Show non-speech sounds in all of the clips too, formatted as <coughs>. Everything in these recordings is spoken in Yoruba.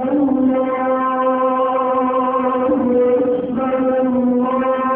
الله أكبر الله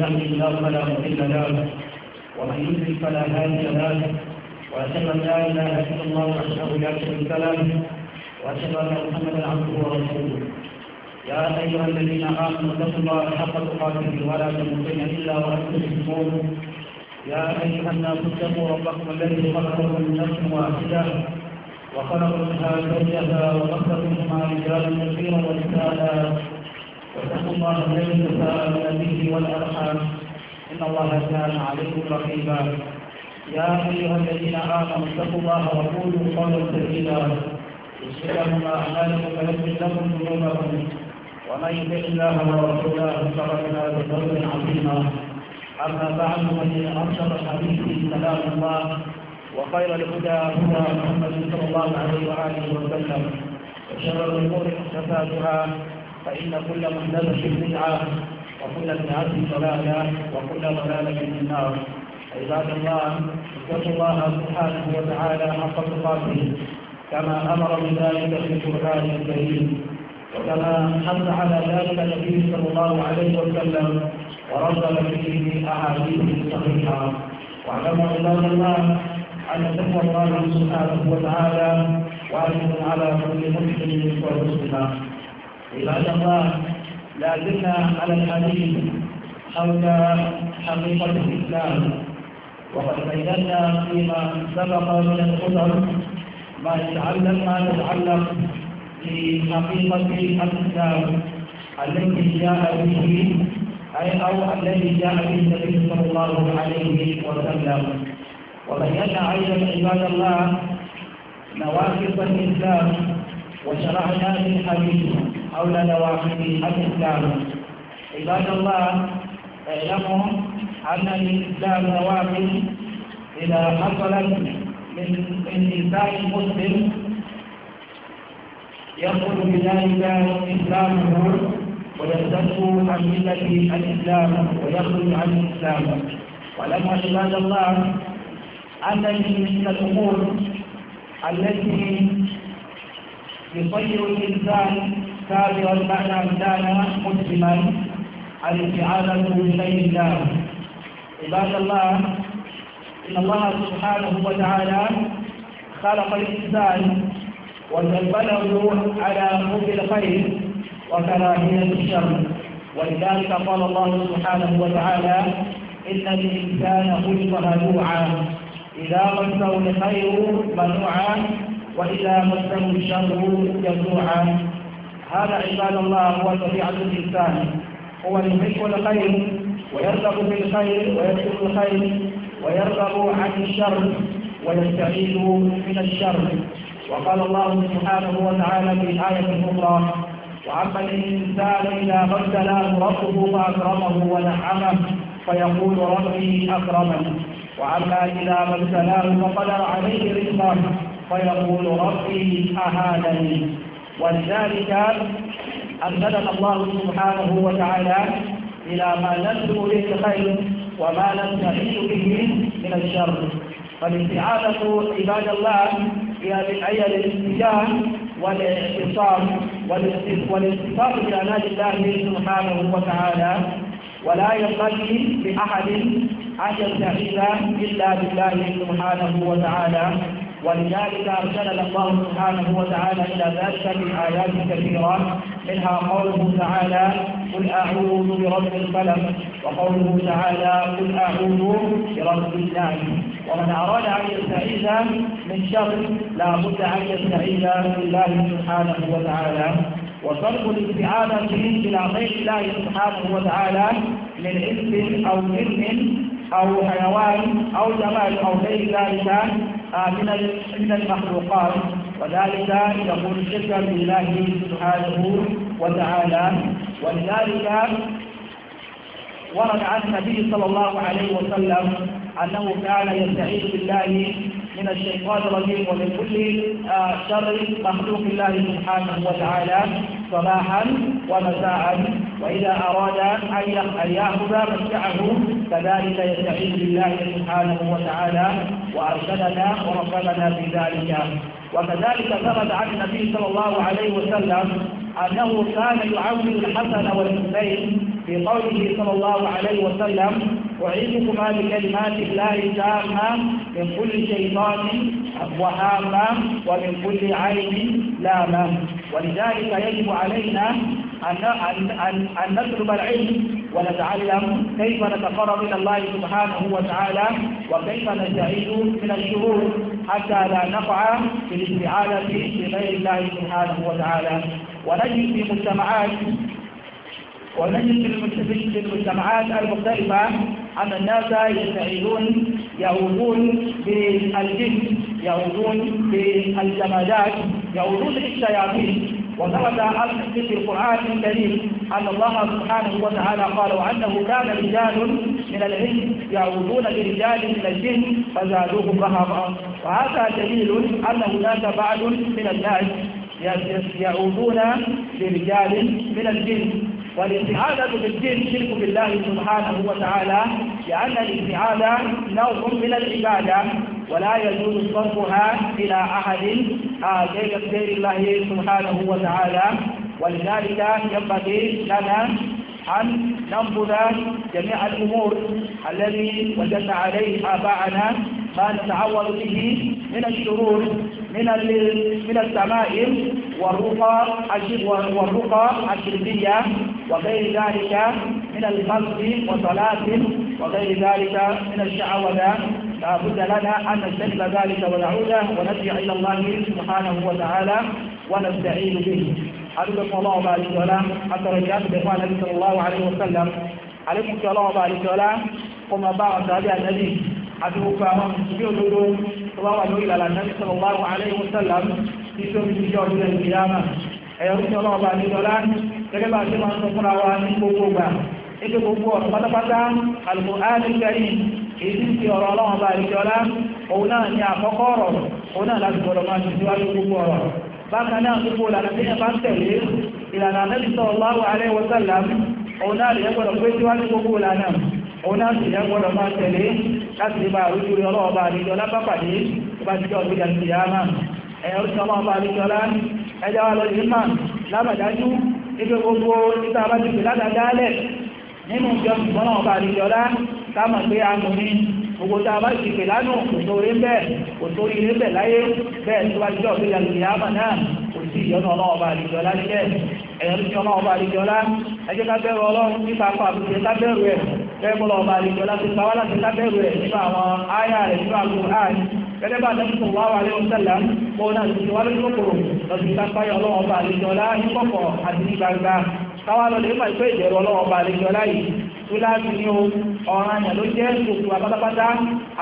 يهده الله فلا مضل له ومن يضلل فلا هادي له واشهد ان لا اله الا الله وحده لا شريك له واشهد ان محمدا عبده ورسوله يا ايها الذين امنوا اتقوا الله حق تقاته ولا تموتن الا وانتم مسلمون يا ايها الناس اتقوا ربكم الذي خلقكم من نفس واحده وخلق منها زوجها وخلق الله من يتساءلون والأرحام إن الله كان عليكم رقيبا يا أيها الذين آمنوا اتقوا الله وقولوا قولا سديدا يصلح لكم أعمالكم ويغفر لكم ذنوبكم ومن يطع الله ورسوله فقد فاز فوزا عظيما أما بعد فإن أرشد الحديث كلام الله وخير الهدى هدى محمد صلى الله عليه وآله وسلم وشر الأمور محدثاتها فإن كل محدثة بدعة وكل بدعة ضلالة وكل ضلالة في النار عباد الله اتقوا الله سبحانه وتعالى حق تقاته كما أمر بذلك في القرآن الكريم وكما حث على ذلك النبي صلى الله عليه وسلم ورد فيه أحاديث صحيحة واعلموا عباد الله أن تقوى الله سبحانه وتعالى واجب على كل مسلم ومسلمة عباد الله لا زلنا على الحديث حول حقيقة الإسلام وقد بينا فيما سبق من الخطر ما يتعلق ما يتعلق بحقيقة الإسلام الذي جاء به أي أو الذي جاء به النبي صلى الله عليه وسلم وبينا أيضا عباد الله نواقص الإسلام وشرعنا في الحديث حول نواحي الإسلام عباد الله اعلموا أن الإسلام نواحي إذا حصلت من من إنسان مسلم يدخل بذلك إسلامه ويرتد عن ملة الإسلام ويخرج عن الإسلام ولما عباد الله أن من الأمور التي يصير الإنسان كافرا بعد أن كان مسلما الاستعاذة بغير الله عباد الله إن الله سبحانه وتعالى خلق الإنسان وجبله على حب الخير وكراهية الشر ولذلك قال الله سبحانه وتعالى إن الإنسان خلق هلوعا إذا مسه الخير منوعا وإذا مسه الشر جزوعا هذا عباد الله هو طبيعة الإنسان هو يحب الخير ويرغب في الخير ويترك الخير ويرغب عن الشر ويستعيذ من الشر وقال الله سبحانه وتعالى في آية أخرى وأما الإنسان إذا ما ابتلاه ربه فأكرمه ونعمه فيقول ربي أكرمن وأما إذا ما ابتلاه فقدر عليه رزقه فيقول ربي أهانني وذلك أمدد الله سبحانه وتعالى إلى ما نبدو به الخير وما نستعين به من الشر فالاستعاذة عباد الله هي الاتجاه والاعتصام والاستفاق بأناج الله سبحانه وتعالى ولا ينبغي لأحد أن يستعيذ إلا بالله سبحانه وتعالى ولذلك أرسل الله سبحانه وتعالى إلى ذلك في آيات كثيرة منها قوله تعالى قل أعوذ برب الفلق وقوله تعالى قل أعوذ برب الناس ومن أراد أن يستعيذ من شر لا بد أن يستعيذ بالله سبحانه وتعالى وصرف الاستعاذة إلى غير الله سبحانه وتعالى من إثم أو إثم أو حيوان أو جمال أو غير ذلك آه، من من المخلوقات وذلك يكون شركا بالله سبحانه وتعالى ولذلك ورد عن النبي صلى الله عليه وسلم أنه كان يستعيذ بالله من الشيطان الرجيم ومن كل آه، شر مخلوق الله سبحانه وتعالى صباحا ومساء وإذا أراد أن يأخذ مسجعه فذلك يستعين بالله سبحانه وتعالى وأرشدنا ورغبنا في ذلك وكذلك ثبت عن النبي صلى الله عليه وسلم أنه كان يعود الحسن والحسين في قوله صلى الله عليه وسلم أعيدكما بكلمات الله التامة من كل شيطان وهامة ومن كل عين لامة ولذلك يجب علينا أن نطلب العلم ونتعلم كيف نتقرب إلى الله سبحانه وتعالى وكيف نستعيد من الشرور حتى لا نقع في الاستعانة بغير الله سبحانه وتعالى ونجد في مجتمعات ونجد في المجتمعات المختلفة أن الناس يستعيدون يعودون بالجن يعودون بالجمادات يعودون بالشياطين وثبت في القرآن الكريم أن الله سبحانه وتعالى قال وأنه كان رجال من العلم يعودون برجال من الجن فزادوهم رهبا وهذا دليل أن هناك بعض من الناس يعودون برجال من الجن والاستعاذة بالجن شرك بالله سبحانه وتعالى لأن الاستعاذة نوع من العبادة ولا يجوز صرفها إلى أحد غير آه، الله سبحانه وتعالى ولذلك ينبغي لنا أن ننبذ جميع الأمور الذي وجدنا عليه آباءنا ما نتعوذ به من الشرور من من التمائم والرقى والرقى الشركية وغير ذلك من الخلق وصلاة وغير ذلك من الشعوذة لابد لنا أن نجتنب ذلك ونعوده ونرجع إلى الله سبحانه وتعالى ونستعين به صلى الله عليه وسلم حتى رجعت بإخوان النبي صلى الله عليه وسلم عليكم الله عليه وسلم قم بعد هذا النبي àti gbogbo àwọn mùsùlùmí òdodo tó bá wà lórí ìlànà Nabi sallallahu alaihi wasallam tí tó fi jíjọ́ ọdún ẹ̀ ìyáma ẹ̀yọ́ tí ọlọ́wọ́ bá ní lọ́lá gẹ́gẹ́ bá ṣe máa ń sọ fúnra wa ní gbogbo gbà ètò gbogbo ọ̀rọ̀ pátápátá Al-Qur'an al èyí tí ọ̀rọ̀ ọlọ́wọ́ bá ní lọ́lá òun náà ni òun náà sì dágbọ́dọ̀ máa tẹ̀lé láti lè bá àrújú rí ọlọ́ọ̀bá àríjọlá bá pàdé tó bá jíjọ́ ìgbìyà sí yáàmà ẹ̀yọ́ sí ọlọ́ọ̀bá àríjọlá ẹjá wa lọ́dún mímà lábàdájú nígbé gbogbo títà bá ti pè ládàdálẹ̀ nínú ìjọ ìgbọ́nà ọba àríjọlá táàmà pé a mú ní gbogbo tá a bá ti pè lánà kò tó rí bẹ́ẹ̀ kò tó rí bẹ́ẹ̀ láyé bẹ́ẹ̀ tó bá jíjọ́ ìgbìyà sí yáàmà náà kò sí ìyọ́nà ọlọ́ọ̀bá àríjọlá ṣẹ́ ẹ̀yọ́ sí ọlọ́ọ̀bá àríjọlá ẹjẹ́ ká bẹ̀rù ọlọ́run nípa pàbùkẹ́ ká bẹ̀rù ẹ̀ kẹ́gbọ́lọ̀ ọba àlejò láti pàwọ́ láti lábẹ́rù rẹ̀ nípa àwọn ayà rẹ̀ nípa àwọn ààrẹ gẹ́gẹ́ bá tẹ́kùn wá wà lẹ́wọ̀n sẹ́lá mọ́ náà ti wá lórí kòkòrò lọ́sí lápáyọ̀ ọlọ́wọ́ ọba àlejò ọlá ní kọ̀kọ̀ àti ní gbangba káwá lọ lè máa pé ìjẹ̀rọ ọlọ́wọ́ ọba àlejò ọlá yìí tó láti ní o ọ̀ràn àyàn ló jẹ́ òkú apátápátá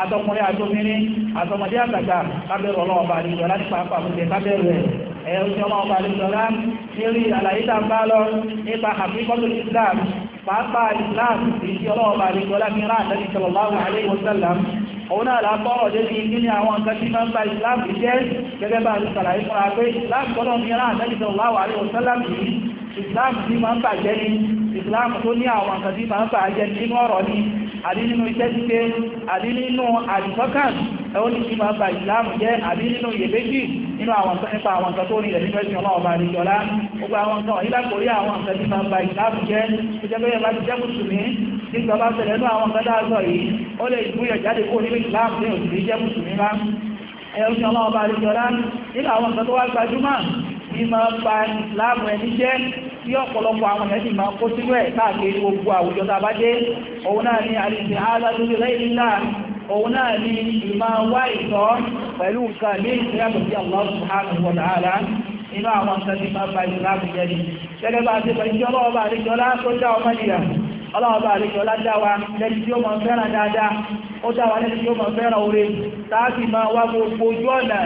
àtọkùnrin àtọmìnrin àtọmọdé àgbàgbà lábẹ́rù ọlọ́wọ́ ọba àlejò ọlá ní pàápàá fún ìjẹ lábẹ́rù rẹ̀ ẹ̀rùn ọmọ ọba àlejò ọlá nírí àlàyé tá a bá lọ nípa àfikọ́tò Islam pàápàá islam èyí ọlọ́ọ̀bà àríkọlá ní rán àtẹ́bí sallallahu alaihi wasallam òun náà lápọ́rọ̀ jẹ́ sí ilé àwọn nǹkan tí máa ń bá islam jẹ́ gẹ́gẹ́ bá àti sàlàyé fún ara pé islam tọ́lọ́ ní rán àtẹ́bí sallallahu alaihi àbí nínú iṣẹ́ ṣíṣe àbí nínú àdìsọ́kàn ẹ̀wọ́n ní kí máa ba ìsìláàmù jẹ́ àbí nínú iyèméjì nínú àwọn nǹkan nípa àwọn nǹkan tó rí ilẹ̀ nínú ẹ̀sìn ọlọ́ọ̀bà àdìjọ́lá gbogbo àwọn nǹkan wọ̀nyí lákòórí àwọn nǹkan tí máa ba ìsìláàmù jẹ́ ìjẹ́ pé ẹ̀bá ti jẹ́ mùsùlùmí tí ìjọba ṣẹlẹ̀ nú àwọn nǹkan dáadọ́ yìí ó lè gbúyọ̀ jáde kó nínú ìsìláàmù ní òsì jẹ́ mùsùlùmí lá ẹ̀rùn ọlọ́ọ̀bà àdìjọ́lá nínú àwọn nǹkan tó wá gbajúmọ̀ ní máa ba ìsìláàmù ẹni jẹ́ tí ọ̀pọ̀lọpọ̀ àwọn ẹ̀sì máa kó sínú ẹ̀ káàkiri gbogbo àwùjọ tàbájé òun náà ni àríṣẹ́ alájúlé lẹ́yìnlá òun náà ni ìmá wá ìtọ́ pẹ̀lú nǹkan ní ìsìnkú sí àwọn ọ̀sán inú àwọn nǹkan tí máa ba ìsìláàmù jẹ́ ni gẹ́gẹ́ bá ti pẹ̀lú ìjọba ọba àríjọlá tó dá ọmọ nìyà ọlọ́ọ̀bá àríjọlá dá wa lẹ́ni tí ó mọ̀ fẹ́ràn dáadáa ó dá wa lẹ́ni tí ó mọ̀ fẹ́ràn oore tààfi máa wá gbogbo ojú ọ̀nà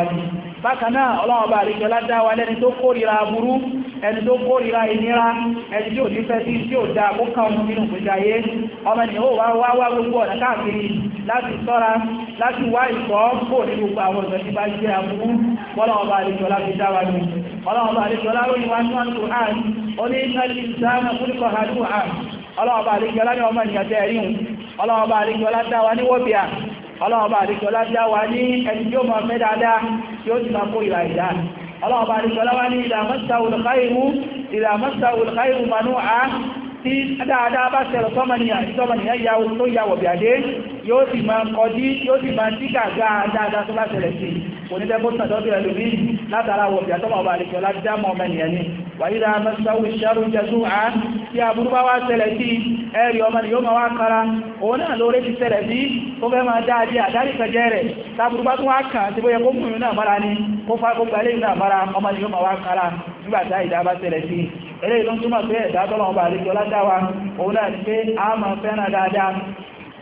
ni bákanáà ọlọ́wọ́ bá àríkẹ́ ládáwà lẹ́ni tó kórìíra burú ẹni tó kórìíra ìnira ẹni tí ò ní fẹ́ sí tí ò dá àkókà ọmọ nínú pẹ̀jáyé ọmọ ni ó wá wá wá gbogbo ọ̀nà káàkiri láti sọ́ra láti wá ìkọ́ kò ní gbogbo àwọn ọ̀sẹ̀ tí bá jẹ́ àbúrú ọlọ́wọ́ bá tí ó ti máa kó ìlà ìdá ọlọ́ọ̀bá àríṣọ́lá wá ní ìlà mọ́sáwùl khairu ìlà mọ́sáwùl khairu tí dáadáa bá ṣẹlẹ̀ tọ́mọnìyàn ìtọ́mọnìyàn yàwó tó yàwó bí àdé yóò sì máa kọjí yóò sì máa díkà dáadáa tó bá ṣẹlẹ̀ sí onídẹ́gbọ́sàn tó bẹ̀rẹ̀ lórí látara wọ̀ bí àtọ́mọ̀ ọba àlejò lájámọ̀ ni wàyíra mẹ́sàwò ìṣẹ́rù jẹ́sù à tí àbúrú bá wá ṣẹlẹ̀ sí ẹ̀rì ọmọ ni yóò máa wá kára òun náà lóore ti ṣẹlẹ̀ sí tó fẹ́ máa dáa jẹ́ àdárí kẹjẹ́ rẹ̀ tábùrú bá nígbàtá ìdá bá tẹ̀lẹ̀ sí eléyìí ló ń túmọ̀ pé ẹ̀dá tọ́lọ̀wọ́ bá àríkẹ́ ọlájáwa òun náà ni pé a máa fẹ́ràn dáadáa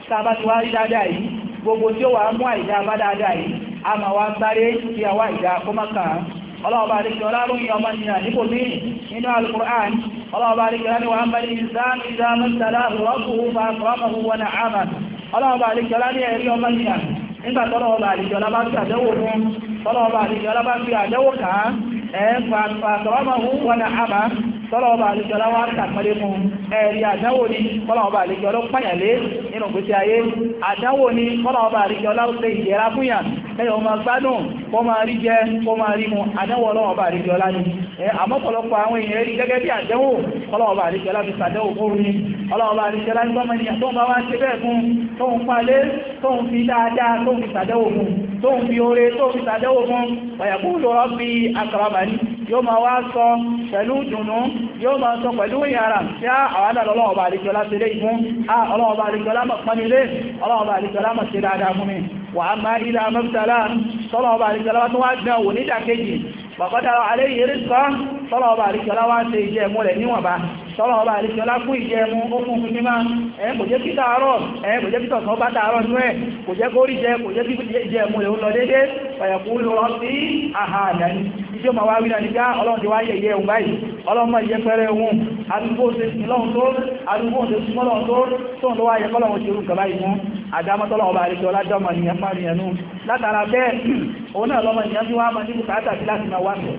sábà ti wá rí dáadáa yìí gbogbo tí ó wà mú àìdá bá dáadáa yìí a máa wá sáré kí a wá ìdá kó má kàn án ọlọ́ọ̀bá àríkẹ́ ọláròyìn ọmọ ènìyàn nípò mí nínú alukur'an ọlọ́ọ̀bá bá fi fi àdẹ́wò kàn fàtọ̀wọ́mọ̀hún wọn àmà tọ́lọ̀ọba àlejọ́lá wá tàpẹ́lẹ́ mú ẹ̀rí àdánwò ní kọ́lọ̀ọba àlejọ́lá pàyàlé nínú gbèsè ayé àdánwò ní kẹyọ ọmọ gbádùn kọ máa rí jẹ kọ máa rí mu àdẹ́wọ̀ ọlọ́wọ̀ bá rí jọlá ni àmọ́pọ̀lọpọ̀ àwọn èèyàn rí gẹ́gẹ́ bí àdẹ́wò ọlọ́wọ̀ bá rí jọlá fi sàdẹ́wò fóru ni ọlọ́wọ̀ bá rí jọlá nígbà mẹ́ni àtọ́n bá wá ṣe bẹ́ẹ̀ fún tóun palé tóun fi dáadáa tóun fi sàdẹ́wò fún tóun fi oore tóun fi sàdẹ́wò fún ọ̀yàkú lọ́rọ́ yóò máa wá sọ pẹ̀lú dùnú yóò máa sọ pẹ̀lú ìyára tí a àwádà lọ́wọ́ba àríkọlá ti lé ìfún ọlọ́wọ́ba àríkọlá mọ̀ pánilé ọlọ́wọ́ba àríkọlá mọ̀ sí dáadáa fún mi wà á máa ilẹ̀ amẹ́bùtàlá tọ́lọ́wọ́ba àríkọlá tó wá gbẹ̀ nídàkejì wàkọ́dára alẹ́ ìyẹrí sọ tọ́lọ̀ ọba àríkọlá wá ń ṣe ìjẹ́mú rẹ̀ níwọ̀nba tọ́lọ̀ ọba àríkọlá fún ìjẹ́mú ó fún fún mímá ẹ̀ kò jẹ́ kí tààrọ̀ ẹ̀ kò jẹ́ kí tọ̀sán bá tààrọ̀ nú ẹ̀ kò jẹ́ kó rí jẹ kò jẹ́ kí ìjẹ́mú rẹ̀ ó lọ déédé pẹ̀yẹ̀kú lọ sí àhàdàní ìjọ ma wá wí náà nígbà ah, ọlọ́run ti wá yẹ ìyẹ́ òun báyìí ọlọ́run mọ̀ ìyẹ́ òun náà lọ́mọ ìyàn tí wọ́n á máa ní bùkátà sí láti máa wáṣọ̀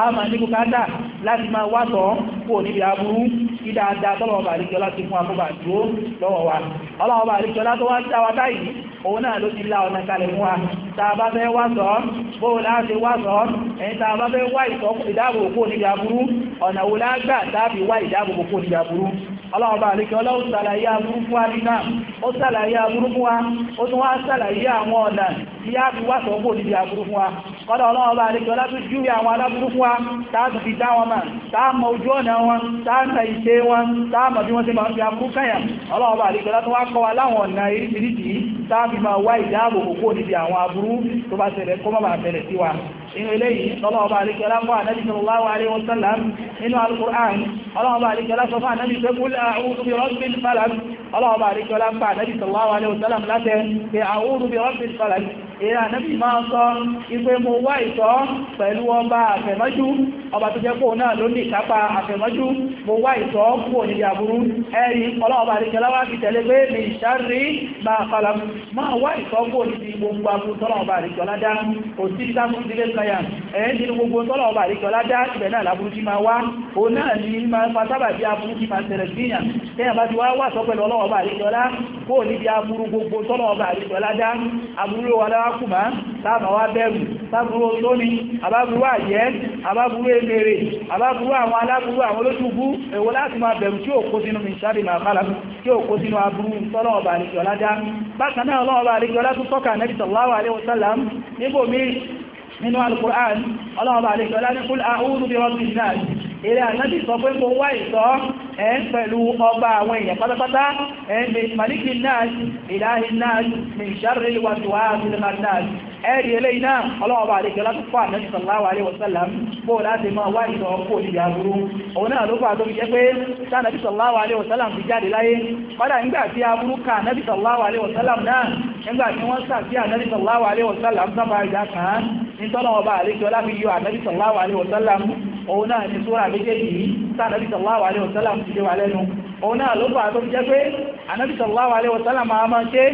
a máa ní bùkátà láti máa wáṣọ̀ kò níbi aburú kí dáadáa tọ́lọ̀ ọba àríkẹ́ láti fún akọ́bà dúró lọ́wọ́ wa ọlọ́wọ́ ọba àríkẹ́ látọ́ wá dáwà báyìí òun náà ló ti lá ọ̀nà kalẹ̀ fún wa tàbá fẹ́ wáṣọ́ bóò láti wáṣọ́ ẹ̀yìn tàbá fẹ́ wá ìdáàbòbò kò níbi aburú ọ̀nà wo lágbà tàbí wá ìdáàbòbò kò níbi aburú ọlọ́ọ̀bá àríkẹ́ ọlọ́run sàlàyé aburú fún àríkà ó sàlàyé aburú fún wa ó tún wá sàlàyé àwọn ọ̀nà tí yá fi wá sọ́pọ̀ níbi aburú fún wa kọ́dà ọlọ́ọ̀bá àríkẹ́ ọlọ́tún júwe àwọn aláburú fún wa táàtù fi dá wọn mà táàmà ojú ọ̀nà wọn táàmà ìṣe wọn táàmà bí wọ́n ti máa fi aburú kàyà ọlọ́ọ̀bá àríkẹ́ ọlọ́tún wá kọ́ wa láwọn ọ̀nà irisirisi táàfi máa wá ìdáàbòbò kó níbi àwọn aburú tó bá ṣẹlẹ̀ kó má bàa sí wa inú eléyìí lọ́lọ́ọ̀bá àríkẹ́lá fún ànábì sallallahu alaihi wasallam nínú al-Qur'an ọlọ́ọ̀bá àríkẹ́lá sọ fún ànábì pé qul a'udhu bi rabbil falaq ọlọ́ọ̀bá àríkẹ́lá fún ànábì sallallahu alaihi wasallam láti pé a'udhu bi rabbil falaq èrè ànábì máa sọ ipé mo wá ìtọ́ pẹ̀lú ọba àfẹ̀mọ́jú ọba tó jẹ́ kó náà ló ní ìkápá àfẹ̀mọ́jú mo wá ìtọ́ kúrò níbi àbúrú ẹ̀rí ọlọ́ọ̀bà àríkẹláwà fi tẹ̀lé pé mi ìṣàrí máa kọlá máa wá ìtọ́ kúrò níbi gbogbo aburú tọ́lọ̀ọ̀bà gbogbo tọ́lọ̀ọ̀bà àríkẹlá dá dá aburú wa kùmá táàmà wá bẹ̀rù táàbúrú lóní àbábúrú àyẹ́ àbábúrú emèrè àbábúrú àwọn alábúrú àwọn olóṣùgbú èwo láti máa bẹ̀rù tí ó kó sínú mìṣàrí máa kálà tí ó kó sínú aburú tọ́lọ̀ọ̀bà àríkì ọlájá bákan náà ọlọ́ọ̀bà àríkì ọlá tún tọ́ka nẹ́bì sallallahu alaihi wasallam níbòmí nínú al-Qur'an ọlọ́ọ̀bà àríkì ọlá ní eré ànábì sọ pé mo wá ìsọ́ ẹ̀ ń pẹ̀lú ọba àwọn èèyàn pátápátá ẹ̀ ń mẹ́lìkì náà ìdáhì náà ní ìṣàrẹ̀ ìwàjúwà àti ìlànà náà ẹ̀rì eléyìí náà ọlọ́ọ̀bà àdékẹ́ láti fún ànábì sallallahu alaihi wasallam bó láti máa wá ìsọ́ kó ìdí àbúrú òun náà ló fà tó fi jẹ́ pé sánàbí sallallahu alaihi wasallam fi jáde láyé padà nígbà tí aburú ka ànábì sallallahu alaihi wasallam náà nígbà tí wọ́n sà sí ànábì sallallahu alaihi wasallam sábà ìdá kan ní òun náà ni súra méjèèjì yìí sáàdàbí sallallahu alaihi wasallam ti dé wà lẹ́nu òun náà ló fàá tó fi jẹ́ pé anábì sallallahu alaihi wasallam máa máa ṣe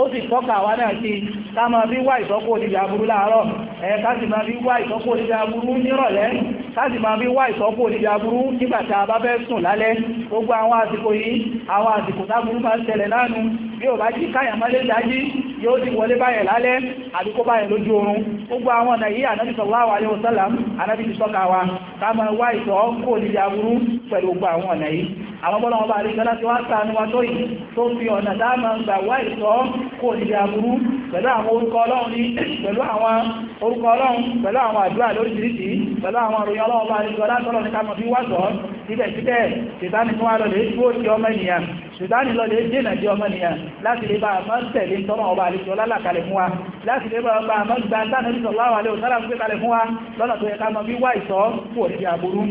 ó sì tọ́ka wá náà sí ká máa bí wá ìtọ́kù òdìdì aburú láàárọ̀ ẹ̀ ká sì máa bí wá ìtọ́kù òdìdì aburú nírọ̀lẹ́ ká sì máa bí wá ìtọ́kù òdìdì aburú nígbà yóò ti wọlé báyẹ̀ lálẹ́ àdúkó báyẹ̀ lójú oorun gbogbo àwọn ọ̀nà yìí ànábì sallallahu alaihi wasallam wa ká mọ̀ wá ìtọ́ kò ní aburú pẹ̀lú gbogbo àwọn ọ̀nà yìí àwọn bọ́lá ọba àríkẹ́lá ti wa tó yìí tó fi ọ̀nà dáàmà ń gbà wá ìtọ́ kò ní aburú pẹ̀lú àwọn orúkọ pẹ̀lú àwọn òròyìn ọlọ́ọ̀bá àríkọ látọ́lọ̀ ní kàmọ̀ bí wáṣọ́ síbẹ̀síbẹ̀ ṣìtáni tó wá lọ lè tó ti ọmọ ènìyàn ṣìtáni lọ lè dènà di ọmọ ènìyàn láti lè bá àmọ́ tẹ̀lé tọ́nà ọba àríkọ lálàkalẹ̀ fún wa láti lè bá ọba àmọ́ gba tánà ní sọ̀láwà lè òtálà ń gbé kalẹ̀ fún wa lọ́nà tó yẹ ká mọ bí wá ìsọ́ kò ní àbúrú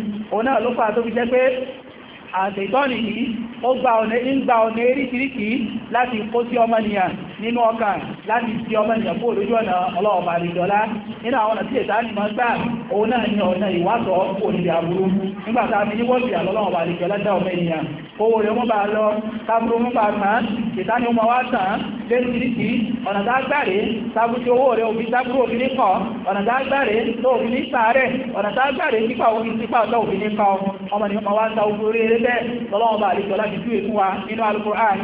àṣẹ̀tọ́nì yìí ó gba ọ̀nà ìgbà ọ̀nà eríkìríkì láti kó sí ọmọnìyàn nínú ọkàn láti sí ọmọnìyàn ọla lójú ọ̀nà ọlọ́ọ̀bà àríjọlá nínú àwọn ọ̀nà tí ètà ní máa òun náà ní ọ̀nà ìwásọ̀ lẹ́sìrìsì ọ̀nà tágbàrí tábútí owó rẹ̀ òfin tábúrú òfin níkọ̀ ọ̀nà tágbàrí tó òfin ní sàárẹ̀ ọ̀nà tágbàrí nípa òfin nípa ọ̀tọ̀ òfin nípa ọmọ ni ọmọ wá ń ta ogun orí eré bẹ́ẹ̀ lọ́lọ́wọ́ bá àlejò láti èkú wa nínú alukur'an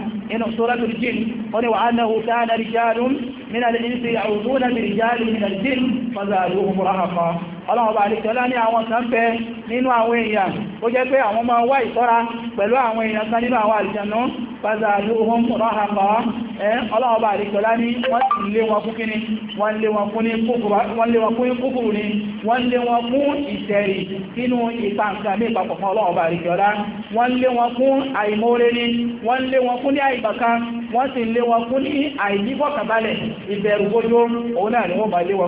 ọlọ́wọ́ bá àlejò lá ní àwọn kan bẹ nínú àwọn èèyàn ó jẹ́ pé àwọn máa wá ìtọ́ra pẹ̀lú àwọn èèyàn kan nínú àwọn àlùjànnú fàzàlúhùn ráhàpá ọlọ́ọ̀bá àríkọlá ní wọ́n lé wọn fún kíní wọ́n lé wọn fún kúkúrú ní wọ́n lé wọn fún ìtẹ̀rì nínú ìpàǹkà ní ìpapọ̀ fún ni wọ́n bá lé wọn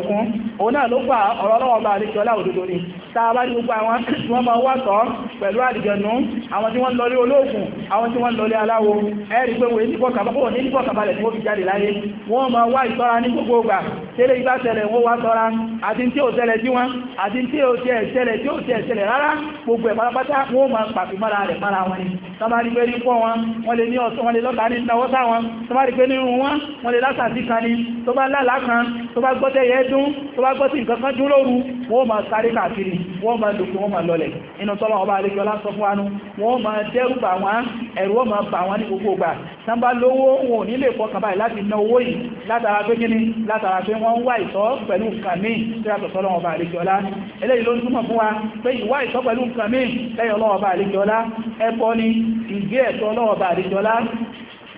fún òun náà ló pa ọ̀rọ̀ ọlọ́ọ̀bá àríkọlá òdodo ni tààbá ní gbogbo àwọn tí wọ́n máa wà tọ́ pẹ̀lú àdìjẹ̀nú àwọn tí wọ́n lọlé olóògùn àwọn tí wọ́n lọlé aláwo ẹ̀rí pé wọ́n ní ìbọ̀kàbalẹ̀ tí wọ́n fi jáde láyé wọ́n máa wá ìtọ́ra ní gbogbo ọgbà tẹ́lẹ̀ ìgbà tẹ́lẹ̀ wọ́n wá tọ́ra àti tí ó tẹ́lẹ̀ tí wọ́n àti tí ó tẹ́lẹ̀ tí ó tẹ́lẹ̀ rárá gbogbo ẹ̀ tàbí pé ní pọ́ wọn wọ́n lè ní ọ̀sán wọ́n lè lọ́ta ní ìnáwọ́ sáwọn tó bá rí pé nínú wọn wọ́n lè lásàtí kan ní tó bá lálá kan tó bá gbọ́tẹ̀ yẹ dún tó bá gbọ́tẹ̀ nǹkan kan dún lóru wọ́n máa sáré káàkiri wọ́n máa lòkè wọ́n máa lọlẹ̀ inú tọ́lọ̀ ọba alẹ́kẹ́ ọlá sọ fún wa nú wọ́n máa dẹ́rù bà wọ́n ẹ̀rù wọ́n máa bà wọ́n ní gbogbo gbà sábà lówó wọn ò ní lè fọkàn báyìí láti ná owó yìí látara pé ni ìgbé ẹ̀tọ́ ọlọ́ọ̀bà àdéjọlá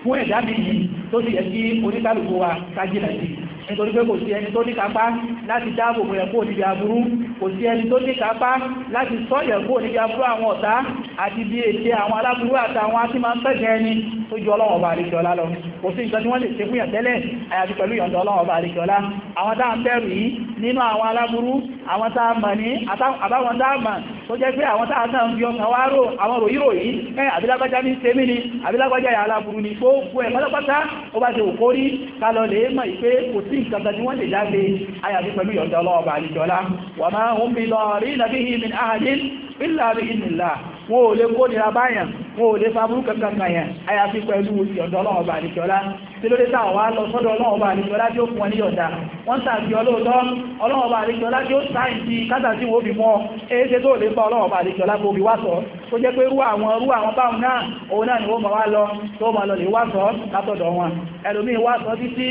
fún ẹ̀dá bìí tó sì yẹ kí oníkálùkù wa kájìnà sí nítorí pé kò sí ẹni tó ní kápá láti dáàbò bò ẹ̀kọ́ níbi aburú kò sí ẹni tó ní kápá láti sọ ẹ̀kọ́ níbi aburú àwọn ọ̀tá àti bí ète àwọn aláburú àtàwọn tí máa ń pẹ̀jẹ́ ẹni tó ju ọlọ́wọ̀n bá àríkọlá lọ kò sí nǹkan tí wọ́n lè ṣe fún ìyàtẹ́lẹ̀ àyàfi pẹ̀lú ìyọ̀ǹda ọlọ́wọ̀n bá àríkọlá àwọn táà ń bẹ̀rù yìí nínú àwọn aláburú àwọn tá a mọ̀ ní àbáwọn tá a mọ̀ tó jẹ́ pé àwọn tá a náà ń fi ọkàn wá rò àwọn ròyìnrò yìí ẹ àbílágbájá ní sẹ́mí ni àbílágbájá yà aláburú ni gbogbo ẹ̀ pátápátá ó bá ṣe òkó rí kálọ̀ lè mọ̀ pé kò sí nǹkan kan tí wọ́n lè jáde àyàfi pẹ̀lú yọ̀ǹda ọlọ́ọ̀bà àlìjọ́lá wà máa ń bí lọ rí nàbí min ahadin illa bi idhnillah wọn ò lè kó nira báyàn wọn ò lè fa burúkú kankan yẹn àyàfi pẹ̀lú yọ̀ǹda ọlọ́ọ̀bà àlìjọ́lá tí ló dé táwọn wá lọ sọ́dọ̀ ọlọ́run ọba àlejò ọlá tí ó fún ọ ní yọ̀ǹda wọ́n tàbí ọlọ́ọ̀tọ́ ọlọ́run ọba àlejò ọlá tí ó sáì sí kátà tí wọ́n fi mọ́ èéṣe tó lè pa ọlọ́run ọba àlejò ọlá gbòbí wá sọ tó jẹ́ pé rú àwọn rú àwọn báwọn náà òun náà ni wọ́n máa wá lọ tó máa lọ lè wá sọ látọ̀dọ̀ wọn ẹlòmíì wá sọ títí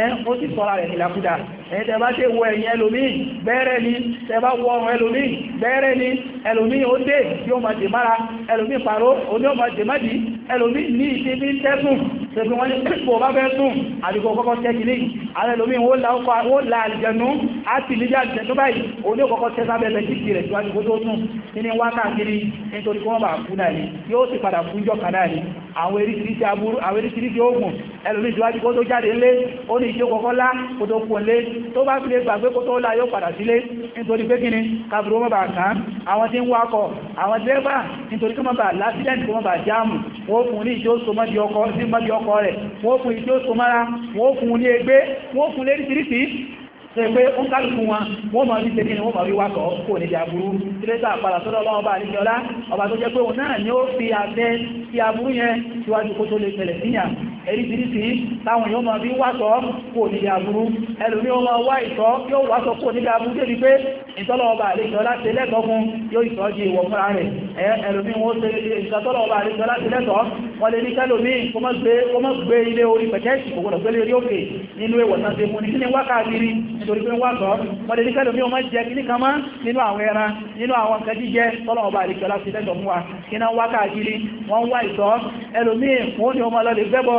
ẹ̀ ó sì sọ́ra rẹ̀ nílàkúdà ẹ̀yìn tẹ́ bá ṣe wọ ẹ̀yìn ẹlòmíì bẹ́ẹ̀rẹ̀ ni tẹ́ bá wọ ọ̀rùn ẹlòmíì bẹ́ẹ̀rẹ̀ ni ẹlòmíì ó dé tí ó máa dè mára ẹlòmíì pàró òní ó máa dè má dì ẹlòmíì ní ìsinmi tẹ́sùn ṣebí wọ́n ní pípò <coughs> bá fẹ́ sùn àdìgbò kọ́kọ́ tẹ́kì ní ààrẹ lómi wọ́n la àlìjẹnú á sì ní jáde tẹ́tọ́ báyìí oní òkọ́kọ́ tẹ́sà bẹ̀rẹ̀ sí ti rẹ̀ síwájú tó tún nínú wákàkiri nítorí kí bá kú náà ni yóò sì padà kú jọ kan náà ni àwọn eríṣiríṣi aburú àwọn eríṣiríṣi oògùn ẹlòmí síwájú kó tó jáde ńlé ó ní ìṣe kọ́kọ́ lá kó tó kú ńlé tó bá fi lè gbàgbé kó tó lá yóò padà sílé nítorí pé kíni kábùrú mọ́ bá kàn àwọn tí ń wakọ̀ àwọn dẹ́gbà nítorí kí wọ́n bá lásìdẹ́ǹtì kí wọ́n bá jáàmù wọ́n fún ní ìjó so mọ́bí ọkọ̀ rẹ̀ wọ́n fún ìjó so wọ́n fún ní ẹgbẹ́ wọ́n fún léríṣiríṣi ṣe pé ó kálùkù wọn wọ́n máa rí tẹ́kí ni wọ́n máa rí wákọ̀ kò ní ìjàbúrú tírẹ́sà àpàdà sọ́dọ̀ ọlọ́wọ́ bá àríkẹ́ ọlá ọba tó jẹ́ pé òun náà ni ó fi àfẹ́ sí aburú yẹn síwájú kó tó lè ṣẹlẹ̀ eríṣiríṣi táwọn èèyàn máa fi wáṣọ kò níbi àbúrú ẹlòmí ó máa wá ìtọ́ yóò wáṣọ kò níbi àbúrú débi pé ìtọ́lọ̀ọba àlejò láti lẹ́tọ̀ọ́ fún yóò ìtọ́ di ìwọ̀ fúnra rẹ̀ ẹlòmí wọ́n ṣe ìtọ́lọ̀ọba àlejò láti lẹ́tọ̀ọ́ wọ́n lè ní kẹ́lòmí kó mọ́ gbé ilé orí pẹ̀kẹ́ẹ̀sì kò gbọ́dọ̀ gbélé orí òkè nínú ìwọ̀sán ti mú ní kíní wákàkiri nítorí pé wákọ̀ wọ́n lè ní kẹ́lòmí ọmọ jẹ kíní kan mọ́ nínú àwọn ẹran nínú àwọn nǹkan jíjẹ tọ́lọ̀ọba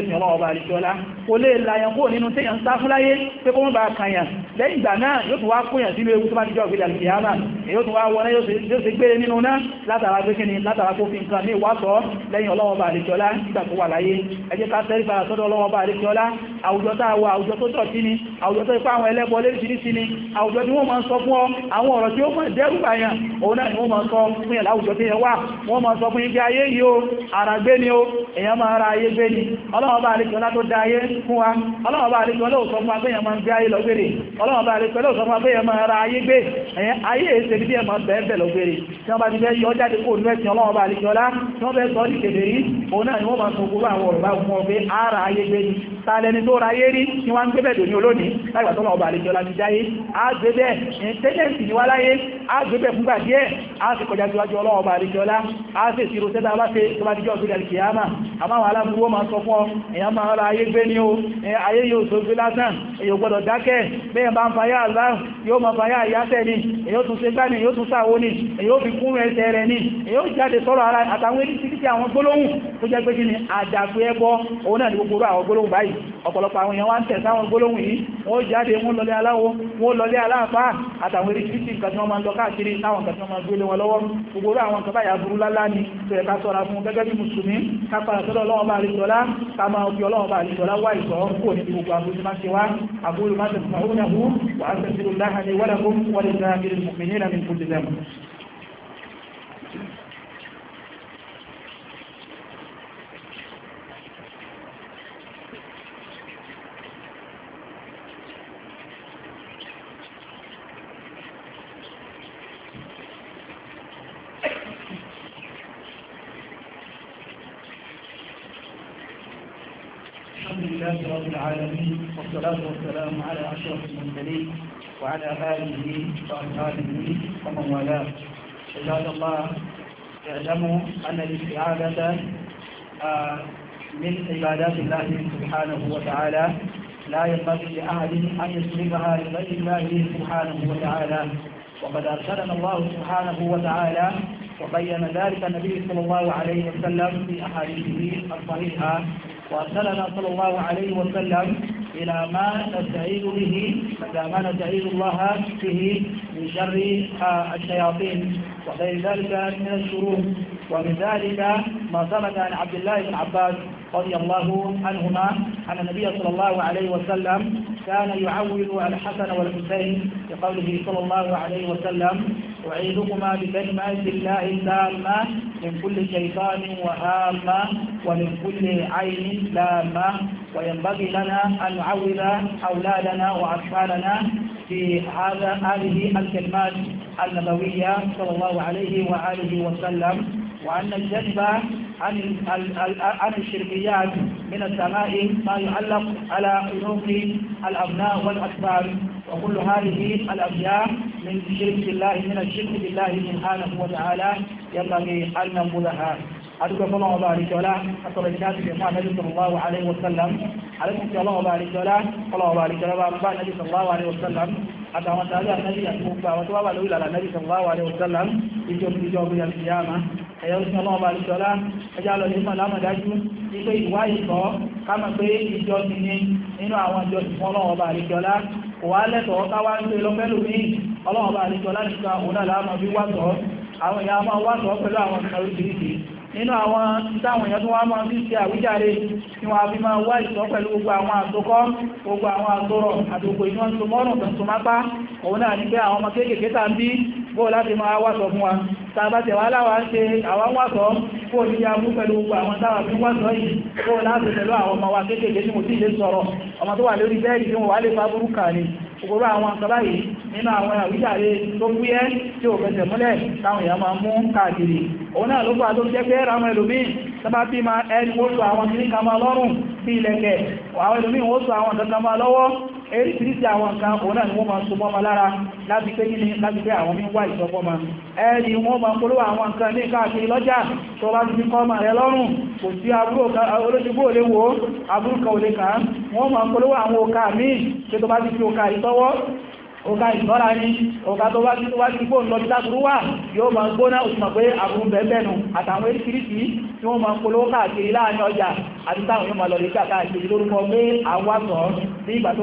ẹ̀sìn ọlọ́ọ̀bá àríṣọ́lá kò lè láyàn kó nínú tí yàn ń sá fún láyé pé kó mọ́ bá kàyàn lẹ́yìn ìgbà náà yóò tún wá kóyàn sínú ewu tó bá jíjọ́ ìgbèdà ìyáàmà èyí tún wá wọ́n yóò sì gbére nínú náà látara pé látara kó fi nǹkan ní ìwásọ́ lẹ́yìn ọlọ́ọ̀bá àríṣọ́lá nígbà tó wà láyé ẹ ká tẹ́rí fara sọ́dọ̀ ọlọ́ọ̀bá àríṣọ́lá àwùjọ tá a wà àwùjọ tó tọ̀ sí ni àwùjọ tó ipá àwọn ẹlẹ́bọ léríṣiríṣi ni àwùjọ tí wọ́n máa ń sọ fún ọ àwọn ọ̀rọ̀ tí ó mọ̀ dẹ́rùbà yàn òun náà ni wọ́n máa ń sọ fún yàn láwùjọ tí yẹn wà wọ́n máa ń sọ fún yín bí ayé yìí o ọlọ́wọ́ bá àríkẹ́ ọlá tó dáyé fún wa ọlọ́wọ́ bá àríkẹ́ ọlọ́wọ́ sọ fún agbẹ́yàn máa ń gbé ayé lọ́gbèrè ọlọ́wọ́ bá àríkẹ́ ọlọ́wọ́ sọ fún agbẹ́yàn máa ra ayé gbé ayé èsè bí ẹ̀ máa bẹ̀ẹ́ lọ́gbèrè tí wọ́n bá ti fẹ́ yọ ayé gbé tààlẹni tó ráyé rí ní wá ń gbé bẹ̀dò ní olónìí láìgbàtọ́lọ̀ ọba àlejò láti jáyé àgbébẹ̀ ìtẹ́lẹ̀sì ní wá láyé àgbébẹ̀ fúngbà díẹ̀ a sì kọjá síwájú ọlọ́ọba àlejò ọlá a sì sí rosẹ́ta bá ṣe tó bá díjọ́ ọdún ìdàlì kìyàmà àmáwọn aláburú ma sọ fún èyàn máa ra ayé gbé ní o ayé yóò ni èyàn tún ṣe ni èyàn tún sàwó ni èyàn fi kún ni èyàn jáde sọ́rọ̀ ara àtàwọn eré títí àwọn gbólóhùn tó jẹ́ pé kí ni àdàpé ẹbọ òun báyìí ọ̀pọ̀lọpọ̀ àwọn èèyàn wá ń tẹ̀ sáwọn gbólóhùn yìí wọ́n jáde wọ́n lọlé aláwo wọ́n lọlé aláàfá àtàwọn eré títí nǹkan tí wọ́n máa ń lọ káàkiri táwọn nǹkan tí wọ́n máa gbélé wọn lọ́wọ́ gbogbo àwọn nǹkan báyà burú lálá ni tó yẹ ká sọ́ra fún gẹ́gẹ́ bí mùsùlùmí ká padà sọ́dọ̀ ọlọ́wọ́ bá àlejòlá ká máa fi ọlọ́wọ́ bá àlejòlá wá ìsọ̀ kúrò níbi gbogbo àbúrú máa ṣe wá àbúrú máa tẹ̀sùn àwọn ònàbú wà á tẹ̀sùn láhàní wọ́n والصلاة والسلام على أشرف المرسلين وعلى آله وأصحابه ومن والاه عباد الله اعلموا أن الاستعادة آه، من عبادات الله سبحانه وتعالى لا ينبغي لأحد أن يسلمها لغير الله سبحانه وتعالى وقد أرسلنا الله سبحانه وتعالى وبين ذلك النبي صلى الله عليه وسلم في أحاديثه الصحيحة وأرسلنا صلى الله عليه وسلم إلى ما نستعيذ به إلى ما نستعيذ الله به من شر آه، الشياطين وغير ذلك من الشرور ومن ذلك ما ثبت عن عبد الله بن عباس رضي الله عنهما أن النبي صلى الله عليه وسلم كان يعول الحسن والحسين بقوله صلى الله عليه وسلم أعيذكما بكلمات الله التامة من كل شيطان وهامة ومن كل عين لامة وينبغي لنا أن نعول أولادنا وأطفالنا في هذا هذه الكلمات النبوية صلى الله عليه وآله وسلم وأن الجنب عن عن الشركيات من السماء ما يعلق على قلوب الأبناء والاطفال وكل هذه الاشياء من شرك الله من الشرك بالله سبحانه وتعالى ينبغي أن ننبذها أدعوكم الله وبارك ولا أصل الكاتب يقال نبي صلى الله عليه وسلم أدعوكم الله وبارك ولا الله وبارك ولا أبا نبي صلى الله عليه وسلم حتى ما تعالى النبي أكبر وتوابع الأولى على النبي صلى الله عليه وسلم يجوب يجوب يجوب ẹ̀yọ́ sí ọlọ́ọ̀bà àlùsọ́lá ẹjá lọ nípa lámọ̀dájú wípé ìwá ìkọ́ kámà pé ìjọ ti ní nínú àwọn ìjọ ti fún ọlọ́ọ̀bà àlùsọ́lá kò wá lẹ́tọ̀ọ́ káwá ń pè lọ́pẹ́lú ní ọlọ́ọ̀bà àlùsọ́lá nìkan òun náà láàmọ̀ bí wàtọ̀ àwọn ìyá máa wàtọ̀ pẹ̀lú àwọn ìkan oríṣiríṣi nínú àwọn ìtàwọn èèyàn tó wá máa fi ṣe àwíjàre ní wọ́n fi máa wá ìṣọ́ pẹ̀lú gbogbo àwọn àtòkọ́ gbogbo àwọn àtòrọ̀ àtòkò inú ọ̀sọ̀mọ́rùn-ún tó mápá òun náà ní pé àwọn ọmọ kéékèèké tàbí bó láti máa wáṣọ fún wa tàbátẹ̀ wà láwà ń ṣe àwọn wáṣọ kó ní ya mú pẹ̀lú àwọn táwà fún wáṣọ yìí kó láti pẹ̀lú àwọn ọmọ wa kéèkéé tí mo tí lè sọ̀rọ̀ ọmọ tó wà lórí bẹ́ẹ̀rì tí wọ́n wà lè fábúrú ma ẹni wọ́n sọ àwọn kìnnìkan máa lọ́rùn bí ilẹ̀kẹ̀ eríṣiríṣi àwọn nǹkan òun náà ni wọ́n máa so mọ́mọ lára láti pé kíni láti pé àwọn wíwá ìsọpọ́mọ ẹni wọ́n máa polówó àwọn nǹkan ní káàkiri lọ́jà tó bá ti fi kọ́mọ rẹ lọ́rùn kò sí olóṣùgbò olè wo abúrúkọ olè kàn wọ́n máa polówó àwọn òkà míì tó bá ti fi òkà ìtọ́wọ́ ọ̀gá ìṣọ́ra ní ọ̀gá tó wá títí wá sí fóòn lọ títàkùrú wà yóò máa gbóná òsùnmọ̀ pé àbúrú bẹ̀ẹ̀bẹ̀nu àtàwọn eréṣìíríṣìí tí wọ́n máa polówó káàkiri láàrin ọjà àti táwọn yóò máa lọ lè káàkiri lórúkọ pé àwásọ̀ ní ìgbà tó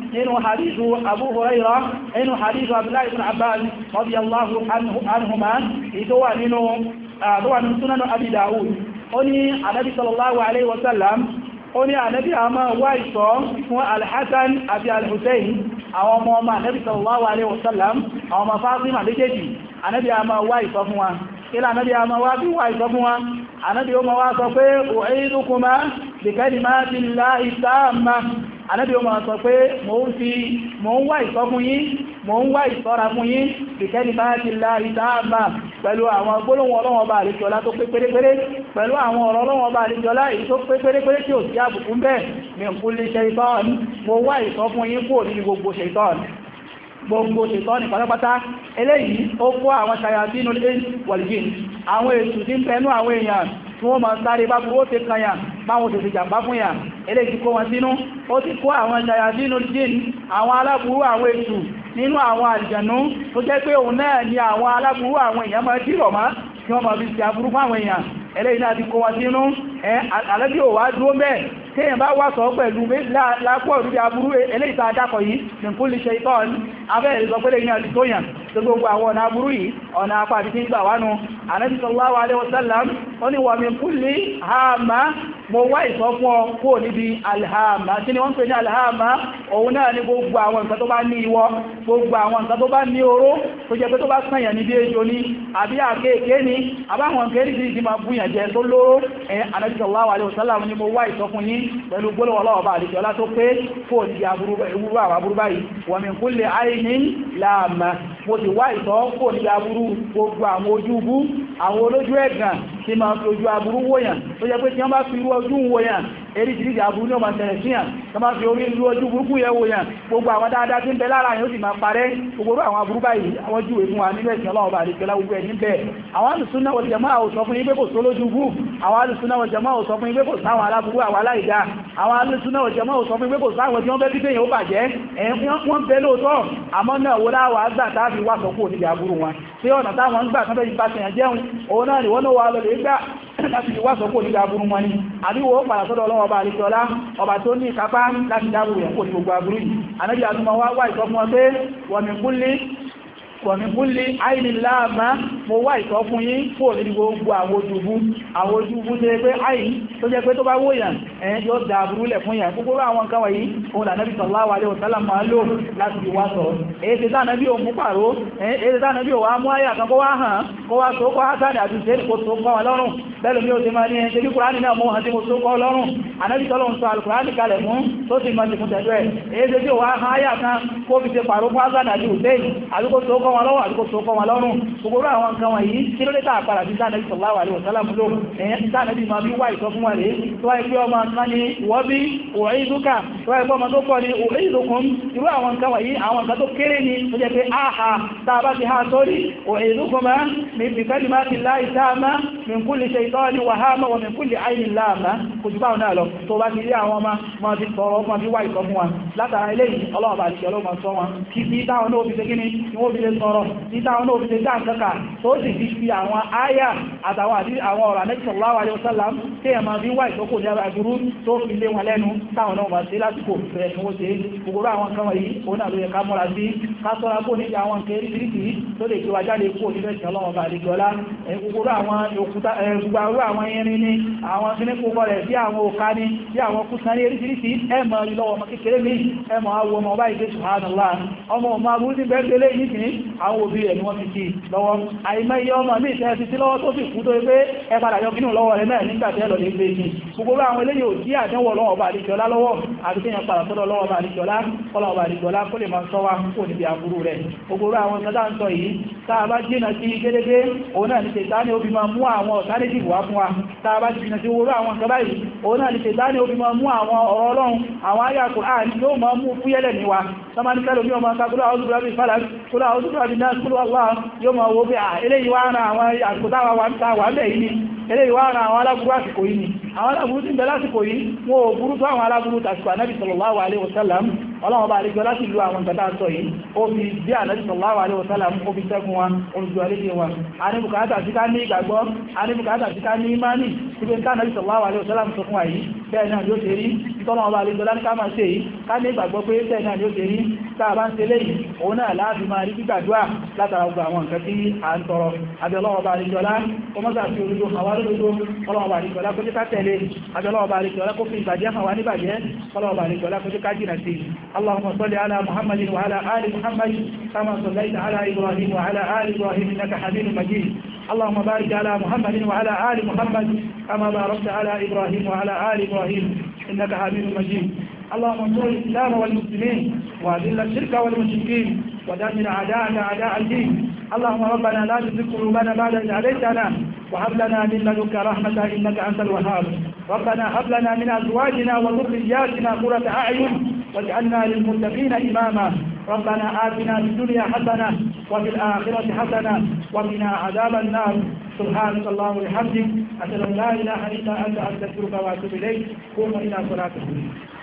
nínú hadithu abu huraira nínú hadithu abdullahi ibn abbas radiyallahu anhuma ito wà nínú sunanu abi dawud ó ní anabi sallallahu alaihi wasallam ó ní ànábì a máa wá ìṣọ́ fún alhassan àti alhussein àwọn ọmọ ọmọ ànábì sallallahu alaihi wasallam àwọn ọmọ fásímà léjèjì ànábì a máa wá ìṣọ́ fún wa ilá ànábì a máa wá bí wá ìṣọ́ fún wa ànábì ó máa wá sọ pé u'idukuma bi kalimati llahi tamma anábì ó máa sọ pé mò ń fi mò ń wá ìṣọ́ fún yín mò ń wá ìṣọ́ra fún yín ìkẹ́ni bá ti la ìdáàmà pẹ̀lú àwọn gbólóhùn ọlọ́wọ́n bá àríjọlá tó pé pérépéré pẹ̀lú àwọn ọ̀rọ̀ ọlọ́wọ́n bá àríjọlá èyí tó pé pérépéré tí ò sí àbùkún bẹ́ẹ̀ mi ń kú lè ṣe ìtọ́ọ̀nù mo wá ìṣọ́ fún yín kúrò nínú gbogbo ṣe ìtọ́ọ̀nù gbogbo ṣètọ́ ní pátápátá eléyìí ó kó àwọn ṣayàtínú lè wàlìjìn àwọn èsù tí ń pẹnú àwọn èèyàn tí wọ́n máa sáré bá burú ó ti kan yàn báwọn òṣèṣì jàmbá fún yàn eléyìí kó wọn sínú ó ti kó àwọn ṣayàtínú jìn àwọn aláburú àwọn èsù nínú àwọn àjànú tó jẹ́ pé ni àwọn aláburú àwọn èèyàn máa dìrọ̀ mọ́ tí téèyàn bá wá sọ pẹ̀lú lápọ̀ ìrúdí aburú eléyìí tá a dákọ̀ yìí nìkú lè ṣe ìtọ́ abẹ́rẹ́ sọ pé lè ní àdìtóyàn tó gbogbo àwọn ọ̀nà aburú yìí ọ̀nà apá àti tí ń gbà wánu Ànábì sallallahu alaihi wasallam ó ní wa min kulli hàmà mo wá ìsọ fún ọ kúrò níbi alhàmà tí ni wọ́n ń pè ní alhàmà òun náà ni gbogbo àwọn nǹkan tó bá ní ìwọ gbogbo àwọn nǹkan tó bá ní oró tó jẹ́ pé tó bá sànyàn ní bí ejò ni àbí àkéèké ni àbáwọn nǹkan èdè ti máa búyàn jẹ tó lóró ẹ Ànábì sallallahu alaihi wasallam ni mo wá ìsọ fún yín pẹ̀lú gbólóhùn sì wá ìtọ́ọ́pò ní aburú gbogbo àwọn ojú ubú àwọn olójú ẹ̀gàn tí máa fi ojú aburú wòyàn tó jẹ́ pé tí wọ́n bá fi irú ojú wòyàn eríṣìíríṣìí aburú ní ọmọ ṣẹlẹ̀ síyàn tó máa fi orí ìlú ojú burúkú yẹ wo yàn gbogbo àwọn dáadáa tí ń bẹ lára yóò sì máa parẹ́ gbogbo àwọn aburú báyìí àwọn júwe fún wa nílẹ̀ ìsìn ọlọ́ọ̀bà àdìsẹ́lá gbogbo ẹ̀ níbẹ̀ àwọn alùsúnà wal jamaa ò sọ fún yín pé kò sólójú bú àwọn alùsúnà wal jamaa ò sọ fún yín pé kò sáwọn aláburú àwọn aláìdá àwọn alùsúnà wal jamaa ò sọ fún yín pé kò sáwọn tí wọ́n fẹ́ bíbẹ̀ yẹn ó bàjẹ́ ẹ̀yìn wọ́n bẹ lóòótọ́ àmọ́ náà wo láwà àgbà táàfi wà sọ kúrò níbi aburú wọn tí ọ̀nà táwọn ń gbà kan fẹ́ yí láti wá sọ kò ní dábúrú wọn ni àríwọ̀ padà sọ́dọ̀ ọlọ́wọ́ ọba àríkọlá ọba tó ní ìkápá láti dábúrú ẹ̀ kò ní gbogbo àbúrú yìí anábì àtúmọ̀ wá ìsọfún ọ pé wọ̀mìnkúnlé kọ̀míkúnlé àìníláàmá mo wá ìtọ́ fún yín fò lórí gbogbo àwọn ojúbú àwọn ojúbú tó jẹ́ pé àìní tó jẹ́ pé tó bá wòyàn ẹ̀yẹn yóò dá burúlẹ̀ fún yàn gbogbo àwọn nǹkan wọ̀nyí òun lànàbí sallallahu alaihi wasallam máa lò láti fi wá sọ èyí tánà bí òun pàró èyí tánà bí òun mú àyà kan kó wá hàn kó wá tó kọ́ hásánì àti ìṣẹ́lì kó tó kọ́ wọn lọ́rùn bẹ́lú mi ò ti máa ní ẹni tẹ́bí kùránì náà mọ́ hàn tí mo tó kọ́ lọ́rùn ànábì tọ́lọ́run sọ alùkùránì kalẹ̀ fún tó sì máa ti fún tẹ̀lú ẹ̀ èyí tẹ́bí òun hàn áyà kan kó fi ṣe pàró fún hásánì àti ìṣẹ́lì àti kó tó kọ́ fọ́ wọn lọ́wọ́ àdúgbò tó fọ́ wọn lọ́rùn gbogbo àwọn nǹkan wọ̀nyí tí ló létà àpàrà sí sáàdẹ́bí sallallahu alaihi wasallam ló ẹ̀yẹn sáàdẹ́bí ma bí wà ìsọ fún wa rèé tó wáyé pé ọmọ kan ní wọ́n bí u'iduka tó wáyé pé ọmọ tó pọ̀ ní u'idukum irú àwọn nǹkan wọ̀nyí àwọn nǹkan tó kéré ni tó jẹ́ pé áhà tá a bá ti ha sórí u'idukuma min bi kalimati llahi tamma min kulli shaytani wa hama wa min kulli ayni lama kò jù báwọn náà lọ tó bá ti rí sọ̀rọ̀ títà àwọn olóòfin lè dá ǹkankan tó sì fi fi àwọn àyà àtàwọn àti àwọn ọ̀rọ̀ Ànábì sallallahu alaihi wasallam tí ẹ máa fi wá ìtókò ní àgbúrú tó fi lé wọn lẹ́nu táwọn náà máa ṣe lásìkò rẹ̀ ní ó ṣe gbogbo àwọn nǹkan wọ̀nyí òun náà ló yẹ ká múra sí ká sọ́ra kó níbi àwọn nǹkan eréṣiríṣi tó lè fi wá jáde kó ní bẹ́ẹ̀ sọ́lọ́ ọba àdìjọ́lá gbogbo àwọn àwọn òbí rẹ̀ ni wọ́n ti ti lọ́wọ́ àìmọye ọmọ mi ìtẹ́ ti sí lọ́wọ́ tó sì kú tó pé ẹ padà yọ kínú lọ́wọ́ rẹ̀ náà nígbà tẹ́ lọ́dẹ̀ gbé ní gbogbo àwọn eléyìí ò dí àdánwò lọ́wọ́ ọba àdìjọlá lọ́wọ́ àti kéèyàn padà sọ́dọ̀ lọ́wọ́ ọba àdìjọlá kọ́lọ̀ ọba àdìjọlá kó lè máa sọ wá kó níbi àbúrú rẹ̀ gbogbo àwọn ìsọdá ń sọ yìí tá a bá jìnà sí gédégé òun ni tètá ní obì máa mú àwọn ọ̀tá ni tètá ní obì máa mú àwọn ni yóò máa mú fúyẹ́lẹ̀ ní iná kúrò yóò máa wo bí i eléyìí wá ń àwọn àkótáwà wà ń bẹ̀ yìí eléyìí wá ara àwọn aláburú àsìkò yìí ni àwọn aláburú tí ń bẹ lásìkò yìí wọn ò burú tó àwọn aláburú tàṣìkò ànábì sallallahu alaihi wasallam ọlọ́wọ́ bá àrígbọ́ láti lu àwọn ìgbàdá sọ yìí ó fi bí ànábì sallallahu alaihi wasallam ó fi sẹ́gun wa olùjọ àlejò wa a ní bùkátà sí ká ní ìgbàgbọ́ a ní bùkátà sí ká ní ìmánì ibi ń ká ànábì sallallahu alaihi wasallam sọ fún wa yìí bẹ́ẹ̀ náà yóò ṣe rí tọ́lọ́ ọba àlejò láti ká wa lódodo ọlọ́ọ̀bà àríkì ọlá kó jẹ́ ká tẹ̀lé àjọlọ́ọ̀bà àríkì ọlá kó fi ìbàjẹ́ hàn wá níbàjẹ́ اللهم صل على محمد وعلى آل محمد كما صليت على إبراهيم وعلى آل إبراهيم إنك حميد مجيد اللهم بارك على محمد وعلى آل محمد كما باركت على إبراهيم وعلى آل إبراهيم إنك حميد مجيد اللهم انصر الإسلام والمسلمين وأذل الشرك والمشركين ودمر أعداءك أعداء الدين اللهم ربنا لا تزغ قلوبنا بعد إذ هديتنا وهب لنا من لدنك رحمة إنك أنت الوهاب ربنا هب لنا من أزواجنا وذرياتنا قرة أعين واجعلنا للمتقين إماما ربنا آتنا في الدنيا حسنة وفي الآخرة حسنة وقنا عذاب النار سبحانك اللهم وبحمدك أشهد أن لا إله إلا أنت أستغفرك وأتوب إليك قوم إلى صلاتك